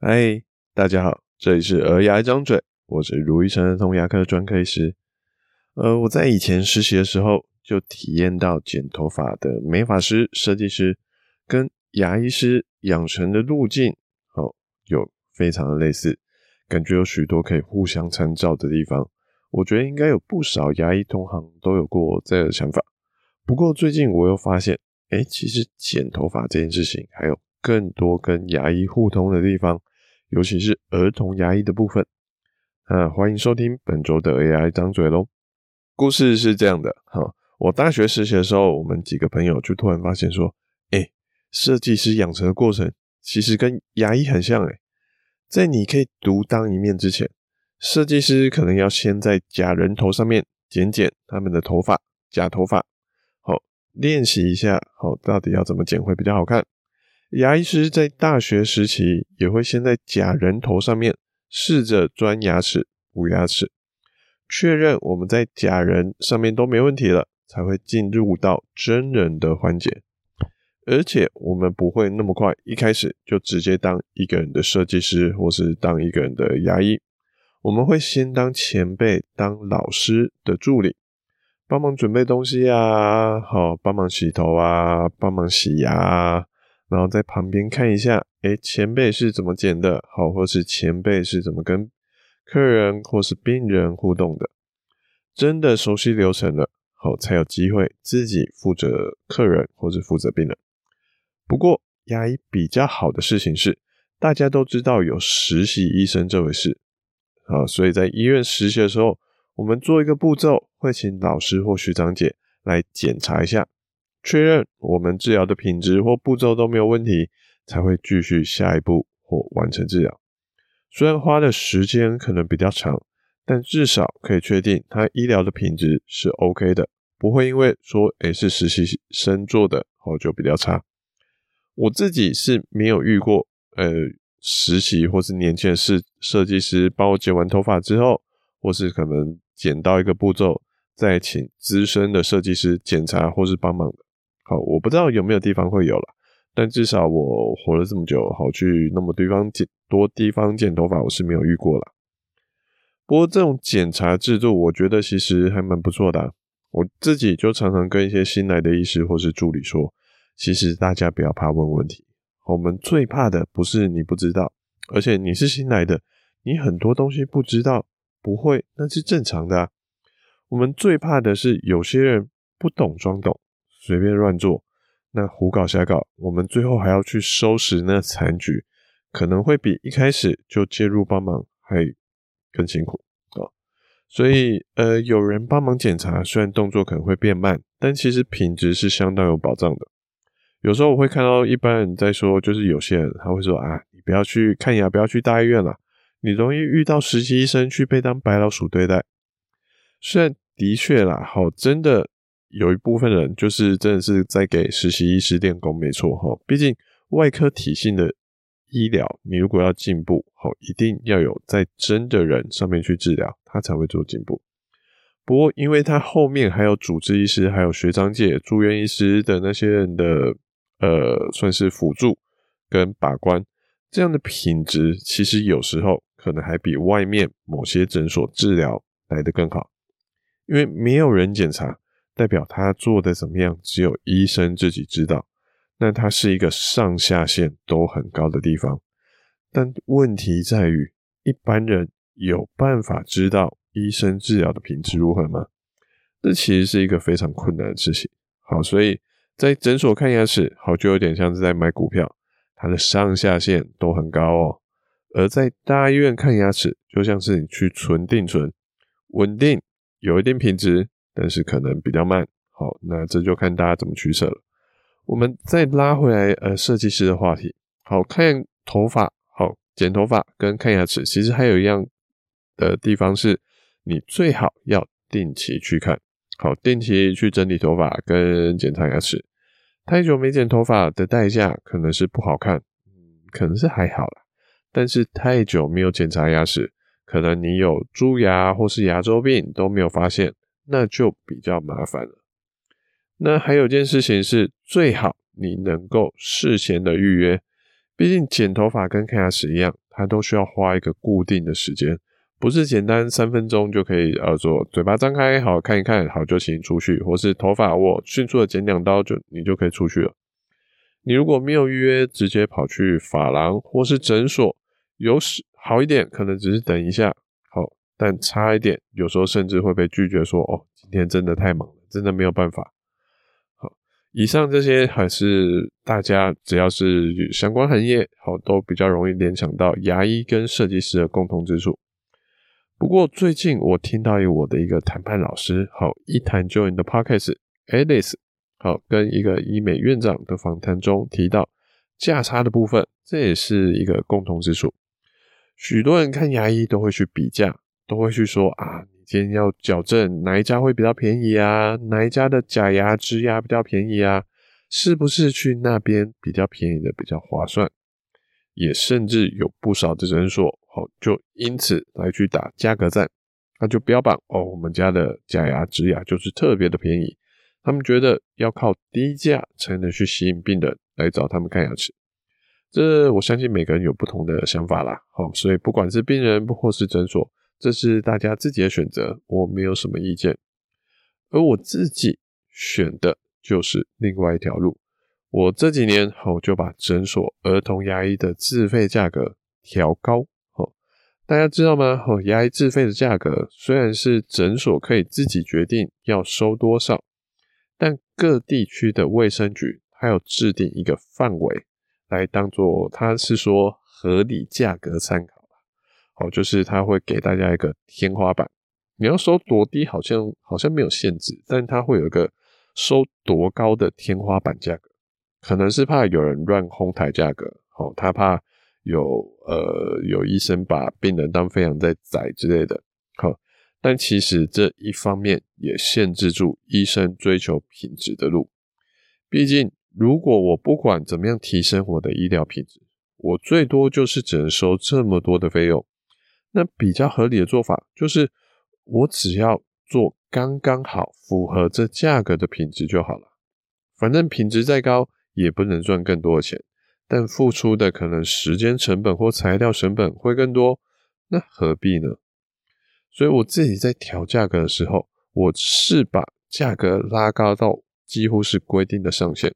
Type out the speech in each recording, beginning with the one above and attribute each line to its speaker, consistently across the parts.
Speaker 1: 哎，Hi, 大家好，這裡是兒牙一張嘴，我是如意成兒童牙科專科醫師。呃，我在以前實習的時候就體驗到剪頭髮的美髮師、設計師跟牙醫師養成的路徑哦，有非常的類似，感覺有許多可以互相參照的地方。我覺得應該有不少牙醫同行都有過這樣的想法。不過最近我又發現，哎、欸，其實剪頭髮這件事情還有更多跟牙醫互通的地方。尤其是兒童牙醫的部分，呃、啊，歡迎收聽本周的兒牙一張嘴嘍！故事是這樣的哈，我大學實習的時候，我們幾個朋友就突然發現說，哎、欸，設計師養成的過程其實跟牙醫很像哎，在你可以獨當一面之前，設計師可能要先在假人頭上面剪剪他們的頭髮、假頭髮，好練習一下，好到底要怎麼剪會比較好看。牙醫師在大學時期也會先在假人頭上面試着鑽牙齒、補牙齒，確認我們在假人上面都沒問題了，才會進入到真人的環節。而且我們不會那麼快一開始就直接當一個人的設計師或是當一個人的牙醫，我們會先當前輩、當老師的助理，幫忙準備東西呀、啊，好，幫忙洗頭啊，幫忙洗牙。然後在旁邊看一下，哎，前輩是怎麼剪的？好，或是前輩是怎麼跟客人或是病人互動的？真的熟悉流程了，好，才有機會自己負責客人或是負責病人。不過，牙醫比較好的事情是，大家都知道有實習醫生這回事，啊，所以在醫院實習的時候，我們做一個步驟，會請老師或學長姐來檢查一下。確認我們治療的品質或步驟都沒有問題，才會繼續下一步或完成治療。雖然花的時間可能比較長，但至少可以確定他醫療的品質是 OK 的，不會因為說誒、欸，是實習生做的，然後就比較差。我自己是沒有遇過，呃，實習或是年輕的設設計師幫我剪完頭髮之後，或是可能剪到一個步驟，再請資深的設計師檢查或是幫忙的。好，我不知道有沒有地方會有了，但至少我活了這麼久，好去那麼地方剪多地方剪頭髮，我是沒有遇過了。不過這種檢查制度，我覺得其實還蠻不錯的啊。我自己就常常跟一些新來的醫師或是助理說，其實大家不要怕問問題，我們最怕的不是你不知道，而且你是新來的，你很多東西不知道，不會，那是正常的啊。我們最怕的是有些人不懂裝懂。隨便亂做，那胡搞瞎搞，我們最後還要去收拾那殘局，可能會比一開始就介入幫忙還更辛苦啊、哦。所以，呃，有人幫忙檢查，雖然動作可能會變慢，但其實品質是相當有保障的。有時候我會看到一般人在說，就是有些人他會說啊，你不要去看牙，不要去大醫院了，你容易遇到實習醫生去被當白老鼠對待。雖然的確啦，好，真的。有一部分人就是真的是在給實習醫師練功，沒錯齁。畢竟外科體系的醫療，你如果要進步，齁，一定要有在真的人上面去治療，他才會做進步。不過，因為他後面還有主治醫師、還有學長姐住院醫師的那些人的，呃，算是輔助跟把關這樣的品質，其實有時候可能還比外面某些診所治療來得更好，因為沒有人檢查。代表他做的怎麼樣，只有醫生自己知道。那它是一個上下限都很高的地方，但問題在於，一般人有辦法知道醫生治療的品質如何嗎？這其實是一個非常困難的事情。好，所以在診所看牙齒，好，就有點像是在買股票，它的上下限都很高哦。而在大醫院看牙齒，就像是你去存定存，穩定，有一定品質。但是可能比較慢，好，那這就看大家怎麼取捨了。我們再拉回來，呃，設計師的話題，好，看頭髮，好，剪頭髮跟看牙齒，其實還有一樣的地方是，你最好要定期去看，好，定期去整理頭髮跟檢查牙齒。太久沒剪頭髮的代價可能是不好看，嗯，可能是還好了，但是太久沒有檢查牙齒，可能你有蛀牙或是牙周病都沒有發現。那就比較麻煩了。那還有件事情是，最好你能夠事先的預約。畢竟剪頭髮跟看牙齒一樣，它都需要花一個固定的時間，不是簡單三分鐘就可以，呃、啊，做嘴巴張開好看一看，好就行出去，或是頭髮我迅速的剪兩刀就你就可以出去了。你如果沒有預約，直接跑去髮廊或是診所，有時好一點，可能只是等一下。但差一點，有時候甚至會被拒絕，說：“哦，今天真的太忙了，真的沒有辦法。”好，以上這些還是大家只要是與相關行業，好，都比較容易聯想到牙醫跟設計師的共同之處。不過最近我聽到有我的一個談判老師，好，一談就贏的 Podcast，Alice 好，跟一個醫美院長的訪談中提到價差的部分，這也是一個共同之處。許多人看牙醫都會去比價。都會去說啊，你今天要矯正哪一家會比較便宜啊？哪一家的假牙、植牙比較便宜啊？是不是去那邊比較便宜的比較划算？也甚至有不少的診所哦，就因此來去打價格戰，那就標榜哦，我們家的假牙、植牙就是特別的便宜。他們覺得要靠低價才能去吸引病人來找他們看牙齒。這我相信每個人有不同的想法啦。哦，所以不管是病人或是診所。這是大家自己的選擇，我沒有什麼意見。而我自己選的就是另外一條路。我這幾年我就把診所兒童牙醫的自費價格調高哦。大家知道嗎？哦，牙醫自費的價格雖然是診所可以自己決定要收多少，但各地區的衛生局它有制定一個範圍來當做，它是說合理價格參考。哦，就是他會給大家一個天花板，你要收多低，好像好像沒有限制，但他會有一個收多高的天花板價格，可能是怕有人亂哄抬價格，哦，他怕有呃有醫生把病人當肥羊在宰之類的。好，哦，但其實這一方面也限制住醫生追求品質的路，畢竟如果我不管怎麼樣提升我的醫療品質，我最多就是只能收這麼多的費用。那比較合理的做法就是，我只要做剛剛好符合這價格的品質就好了。反正品質再高也不能賺更多的錢，但付出的可能時間成本或材料成本會更多，那何必呢？所以我自己在調價格的時候，我是把價格拉高到幾乎是規定的上限，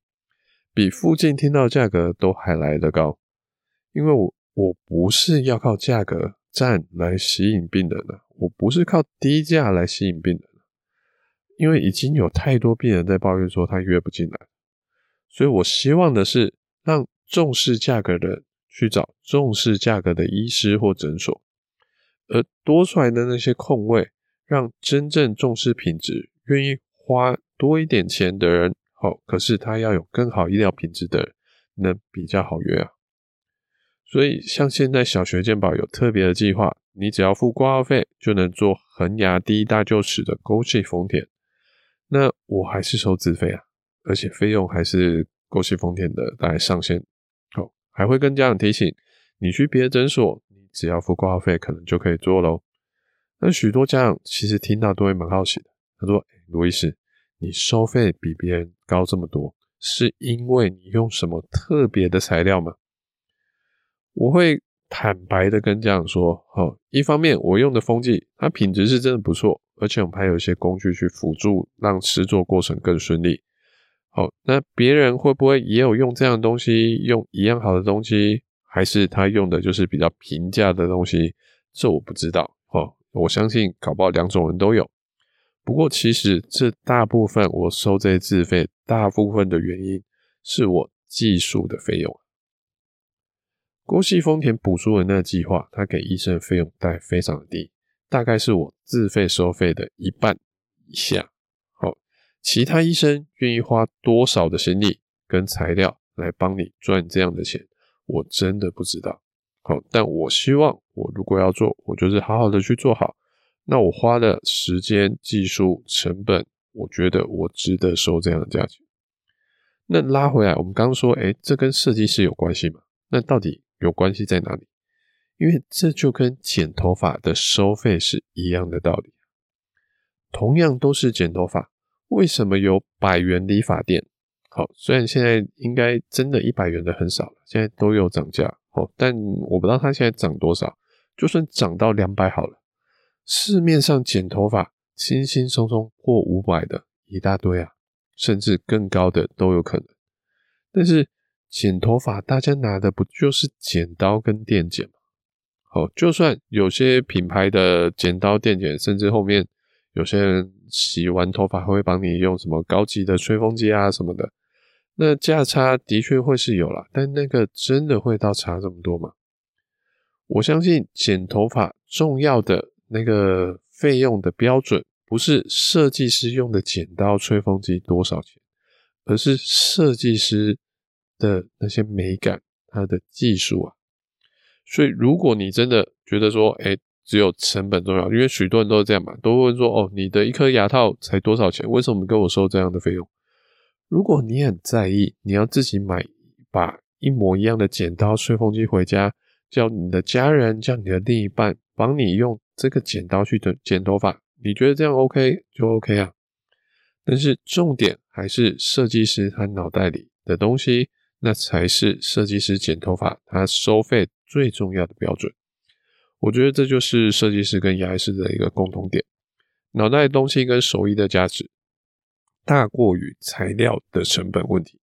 Speaker 1: 比附近聽到價格都還來得高，因為我我不是要靠價格。站來吸引病人呢？啊，我不是靠低價來吸引病人，啊，因為已經有太多病人在抱怨說他約不進來，所以我希望的是讓重視價格的人去找重視價格的醫師或診所，而多出來的那些空位，讓真正重視品質、願意花多一點錢的人，哦，可是他要有更好醫療品質的人，能比較好約啊。所以，像現在小學健保有特別的計劃，你只要付掛號費就能做恆牙第一大臼齒的溝隙封填。那我還是收自費啊，而且費用還是溝隙封填的大概上限。好、哦，還會跟家長提醒，你去別的診所，你只要付掛號費，可能就可以做嘍。那許多家長其實聽到都會蠻好奇的，他說：盧醫師，你收費比別人高這麼多，是因為你用什麼特別的材料嗎？我會坦白的跟家長說，哦，一方面我用的封劑，它品質是真的不錯，而且我們還有一些工具去輔助，讓製作過程更順利。哦，那別人會不會也有用這樣的東西，用一樣好的東西，還是他用的就是比較平價的東西？這我不知道。哦，我相信搞不好兩種人都有。不過其實這大部分我收這些自費，大部分的原因是我技術的費用。郭系豐田補助的那個計劃，他給醫生的費用大概非常的低，大概是我自費收費的一半以下。好，其他醫生願意花多少的心力跟材料來幫你賺這樣的錢，我真的不知道。好，但我希望我如果要做，我就是好好的去做好。那我花的時間、技術成本，我覺得我值得收這樣的價錢。那拉回來，我們剛說，哎、欸，這跟設計師有關係嗎？那到底？有關係在哪裡？因為這就跟剪頭髮的收費是一樣的道理，同樣都是剪頭髮，為什麼有百元理髮店？好，雖然現在應該真的一百元的很少了，現在都有漲價，好，但我不知道它現在漲多少，就算漲到兩百好了，市面上剪頭髮輕輕鬆鬆過五百的一大堆啊，甚至更高的都有可能，但是，剪頭髮，大家拿的不就是剪刀跟電剪嗎？好，就算有些品牌的剪刀、電剪，甚至後面有些人洗完頭髮還會幫你用什麼高級的吹風機啊什麼的，那價差的確會是有啦，但那個真的會倒差這麼多嗎？我相信剪頭髮重要的那個費用的標準，不是設計師用的剪刀、吹風機多少錢，而是設計師。的那些美感，它的技術啊，所以如果你真的覺得說，哎、欸，只有成本重要，因為許多人都是這樣嘛，都會問說，哦，你的一顆牙套才多少錢？為什麼跟我收這樣的費用？如果你很在意，你要自己買把一模一樣的剪刀、吹風機回家，叫你的家人，叫你的另一半幫你用這個剪刀去剪剪頭髮，你覺得這樣 OK 就 OK 啊。但是重點還是設計師他腦袋裡的東西。那才是設計師剪頭髮他收費最重要的標準。我覺得這就是設計師跟牙醫師的一個共同點：腦袋東西跟手藝的價值大過於材料的成本問題。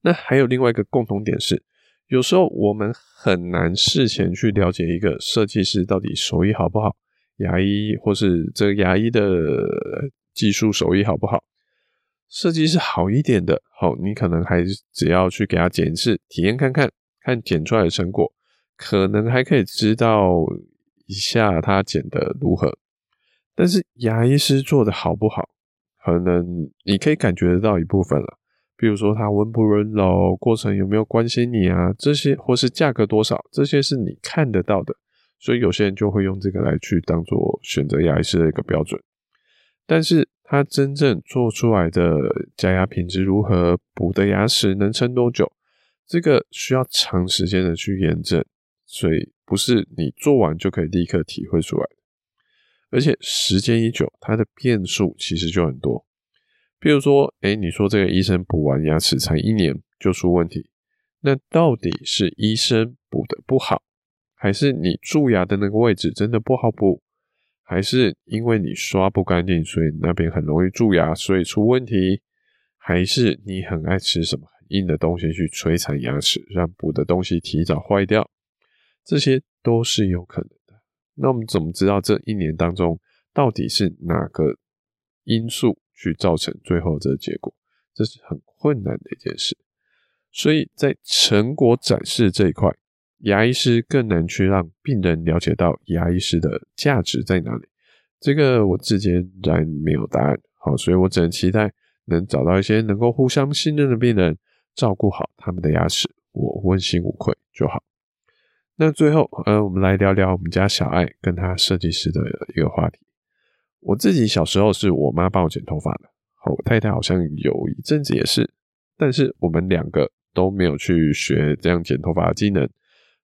Speaker 1: 那還有另外一個共同點是，有時候我們很難事前去了解一個設計師到底手藝好不好，牙醫或是這個牙醫的技術手藝好不好。設計是好一點的，好，哦，你可能還只要去給他剪一次體驗看看，看剪出來的成果，可能還可以知道一下他剪得如何。但是牙醫師做得好不好，可能你可以感覺得到一部分了，比如說他溫不溫柔，過程有沒有關心你啊，這些或是價格多少，這些是你看得到的，所以有些人就會用這個來去當做選擇牙醫師的一個標準，但是。它真正做出來的假牙品質如何，補的牙齒能撐多久，這個需要長時間的去驗證，所以不是你做完就可以立刻體會出來的。而且時間一久，它的變數其實就很多。比如說，哎、欸，你說這個醫生補完牙齒才一年就出問題，那到底是醫生補得不好，還是你蛀牙的那個位置真的不好補？還是因為你刷不乾淨，所以那邊很容易蛀牙，所以出問題。還是你很愛吃什麼很硬的東西去摧殘牙齒，讓補的東西提早壞掉，這些都是有可能的。那我們怎麼知道這一年當中到底是哪個因素去造成最後這個結果？這是很困難的一件事。所以在成果展示這一塊。牙醫師更能去讓病人了解到牙醫師的價值在哪裡，這個我至今仍然沒有答案。好，所以我只能期待能找到一些能夠互相信任的病人，照顧好他們的牙齒，我問心無愧就好。那最後，呃，我們來聊聊我們家小愛跟她設計師的一個話題。我自己小時候是我媽幫我剪頭髮的，好，我太太好像有一陣子也是，但是我們兩個都沒有去學這樣剪頭髮的技能。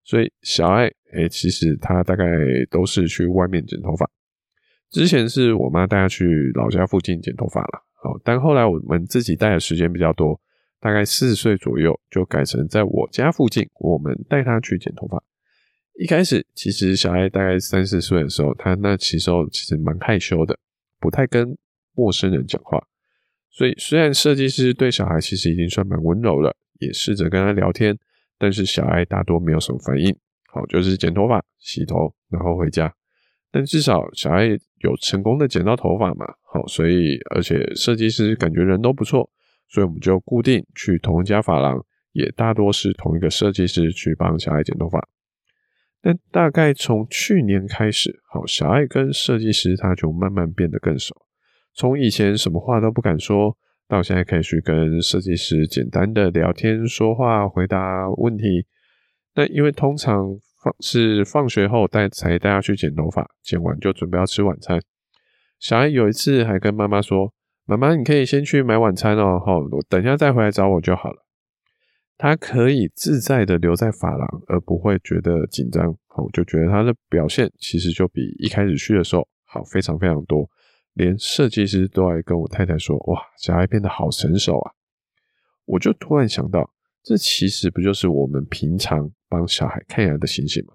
Speaker 1: 所以小愛，哎、欸，其實他大概都是去外面剪頭髮。之前是我媽帶他去老家附近剪頭髮了，哦，但後來我們自己帶的時間比較多，大概四歲左右就改成在我家附近，我們帶他去剪頭髮。一開始，其實小愛大概三四歲的時候，他那其實其實蠻害羞的，不太跟陌生人講話。所以雖然設計師對小孩其實已經算蠻溫柔了，也試着跟他聊天。但是小愛大多沒有什麼反應，好，就是剪頭髮、洗頭，然後回家。但至少小愛有成功的剪到頭髮嘛，好，所以而且設計師感覺人都不錯，所以我們就固定去同一家髮廊，也大多是同一個設計師去幫小愛剪頭髮。但大概從去年開始，好，小愛跟設計師他就慢慢變得更熟，從以前什麼話都不敢說。到現在可以去跟設計師簡單的聊天、說話、回答問題。那因為通常放是放學後帶才帶他去剪頭髮，剪完就準備要吃晚餐。小孩有一次還跟媽媽說：“媽媽，你可以先去買晚餐哦，好、哦，我等一下再回來找我就好了。”他可以自在的留在髮廊，而不會覺得緊張。我、哦、就覺得他的表現其實就比一開始去的時候好非常非常多。連設計師都愛跟我太太說：“哇，小孩變得好成熟啊！”我就突然想到，這其實不就是我們平常幫小孩看牙的情形嗎？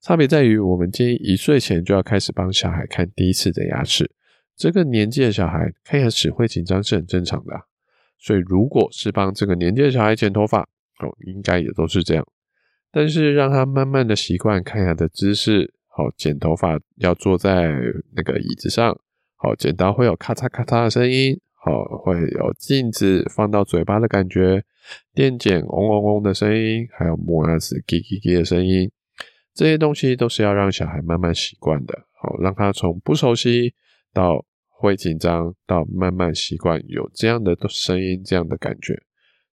Speaker 1: 差別在於，我們建議一歲前就要開始幫小孩看第一次的牙齒。這個年紀的小孩看牙齒會緊張是很正常的啊，所以如果是幫這個年紀的小孩剪頭髮，哦，應該也都是這樣。但是讓他慢慢的習慣看牙的姿勢，好，哦，剪頭髮要坐在那個椅子上。好，剪刀會有咔嚓咔嚓的聲音，好，會有鏡子放到嘴巴的感覺，電剪嗡嗡嗡的聲音，還有磨牙齒嘰嘰嘰的聲音，這些東西都是要讓小孩慢慢習慣的，好，讓他從不熟悉到會緊張，到慢慢習慣有這樣的聲音、這樣的感覺，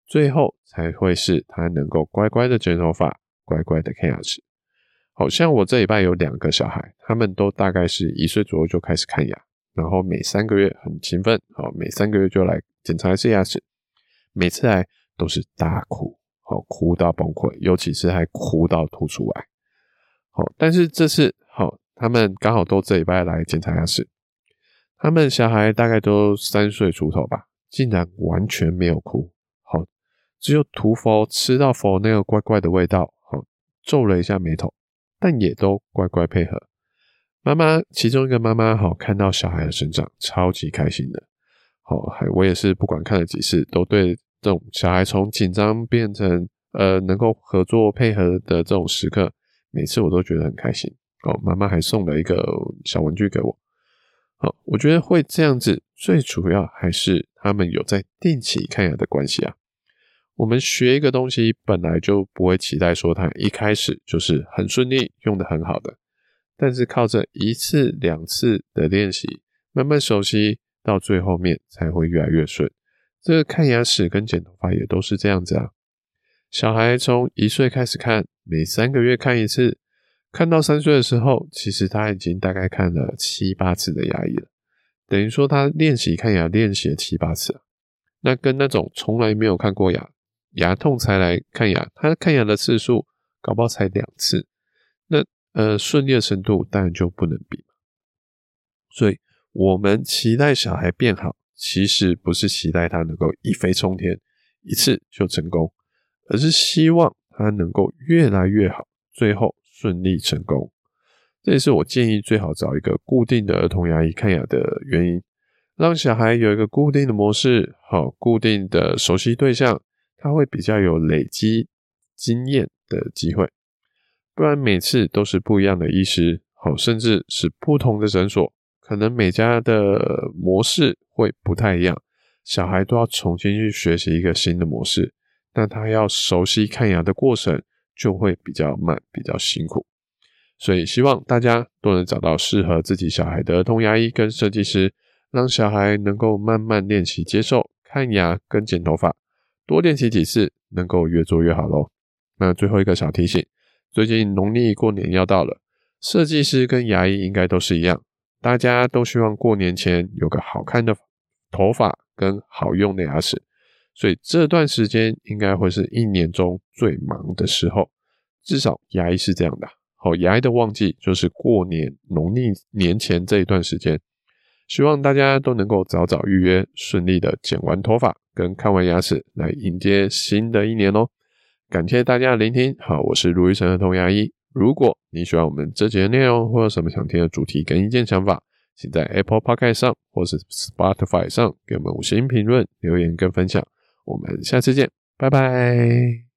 Speaker 1: 最後才會是他能夠乖乖的剪頭髮，乖乖的看牙齒。好，像我這禮拜有兩個小孩，他們都大概是一歲左右就開始看牙。然後每三個月很勤奮，好，每三個月就來檢查一次牙齒，每次來都是大哭，好，哭到崩潰，尤其是還哭到吐出來。好，但是這次好，他們剛好都這禮拜來檢查牙齒，他們小孩大概都三歲出頭吧，竟然完全沒有哭，好，只有塗氟吃到氟那個怪怪的味道，好，皺了一下眉頭，但也都乖乖配合。媽媽，其中一個媽媽好，看到小孩的成長，超級開心的。好，還我也是不管看了幾次，都對這種小孩從緊張變成呃，能夠合作配合的這種時刻，每次我都覺得很開心。哦，媽媽還送了一個小玩具給我。好，我覺得會這樣子，最主要還是他們有在定期看牙的關係啊。我們學一個東西，本來就不會期待說它一開始就是很順利，用得很好的。但是靠着一次兩次的練習，慢慢熟悉，到最後面才會越來越順。這個看牙齒跟剪頭髮也都是這樣子啊。小孩從一歲開始看，每三個月看一次，看到三歲的時候，其實他已經大概看了七八次的牙醫了，等於說他練習看牙練習了七八次了。那跟那種從來沒有看過牙，牙痛才來看牙，他看牙的次數搞不好才兩次。呃，順利的程度當然就不能比，所以我們期待小孩變好，其實不是期待他能夠一飛沖天，一次就成功，而是希望他能夠越來越好，最後順利成功。這也是我建議最好找一個固定的兒童牙醫看牙的原因，讓小孩有一個固定的模式，好，固定的熟悉對象，他會比較有累積經驗的機會。不然每次都是不一樣的醫師，好，甚至是不同的診所，可能每家的模式會不太一樣，小孩都要重新去學習一個新的模式，但他要熟悉看牙的過程就會比較慢，比較辛苦。所以希望大家都能找到適合自己小孩的兒童牙醫跟設計師，讓小孩能夠慢慢練習接受看牙跟剪頭髮，多練習幾次，能夠越做越好嘍。那最後一個小提醒。最近農曆過年要到了，設計師跟牙醫應該都是一樣，大家都希望過年前有個好看的頭髮跟好用的牙齒，所以這段時間應該會是一年中最忙的時候，至少牙醫是這樣的。好，哦，牙醫的旺季就是過年農曆年前這一段時間，希望大家都能夠早早預約，順利的剪完頭髮跟看完牙齒，來迎接新的一年哦。感謝大家的聆聽，好，我是盧一成兒童牙醫。如果你喜歡我們這節的內容，或有什麼想聽的主題、跟意見、想法，請在 Apple Podcast 上或是 Spotify 上給我們五星評論、留言跟分享。我們下次見，拜拜。